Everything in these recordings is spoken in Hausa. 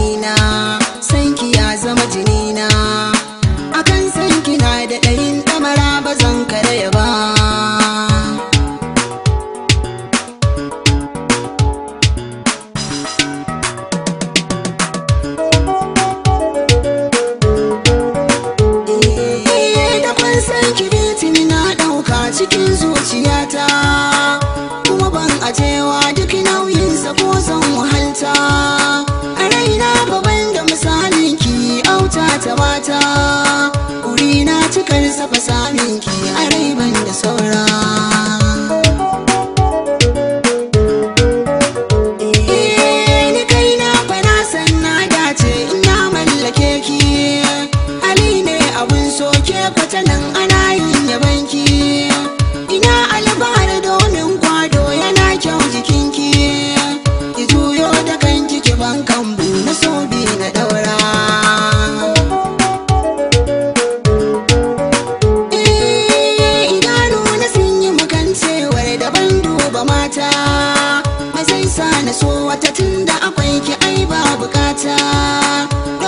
raina sanki ya zama jinina saba samin ki a rai da saura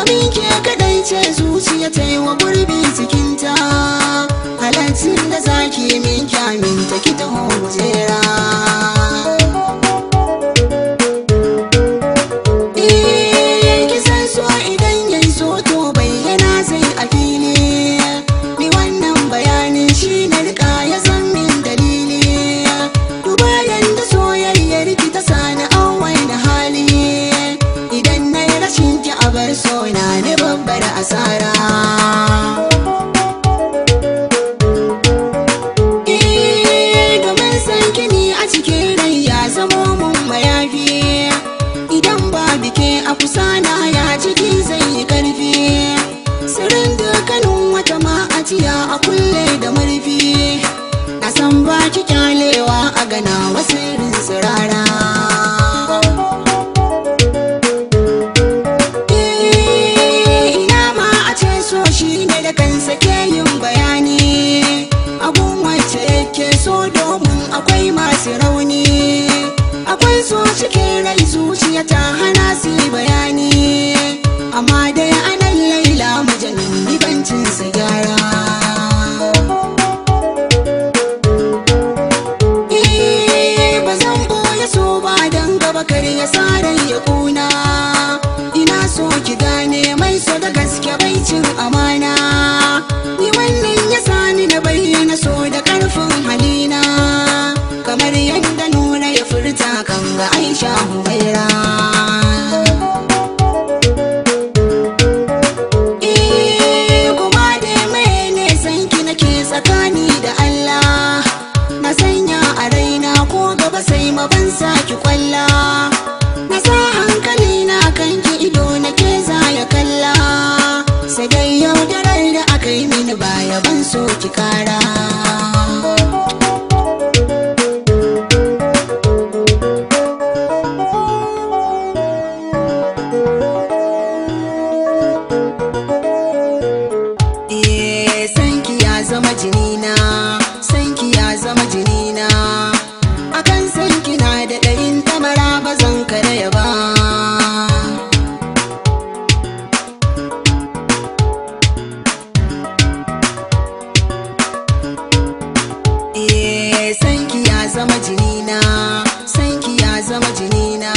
abin ke kadai ce zuciya ta yi wa gurbi cikinta halaccin da zaki min kyamin ta ki ta hoje hana ni bambar asara Eh, domin sanki ne a cikin ban sake yin bayani abun wacce yake so domin akwai masu rauni akwai so cikin rai zuciya ta hana su bayani amma dai anan laila majalin bancin sigara eh, ba zan boye so ba don gaba kar ya sa ya kuna sha eh, nake tsakani da Allah na sanya a raina ko gaba sai ma maban saki kwalla na sa hankali na kanki ido na ke ya kalla sai dai yaudarar da aka yi mini baya ban so ki ƙara. zama jinina sanki ya zama jinina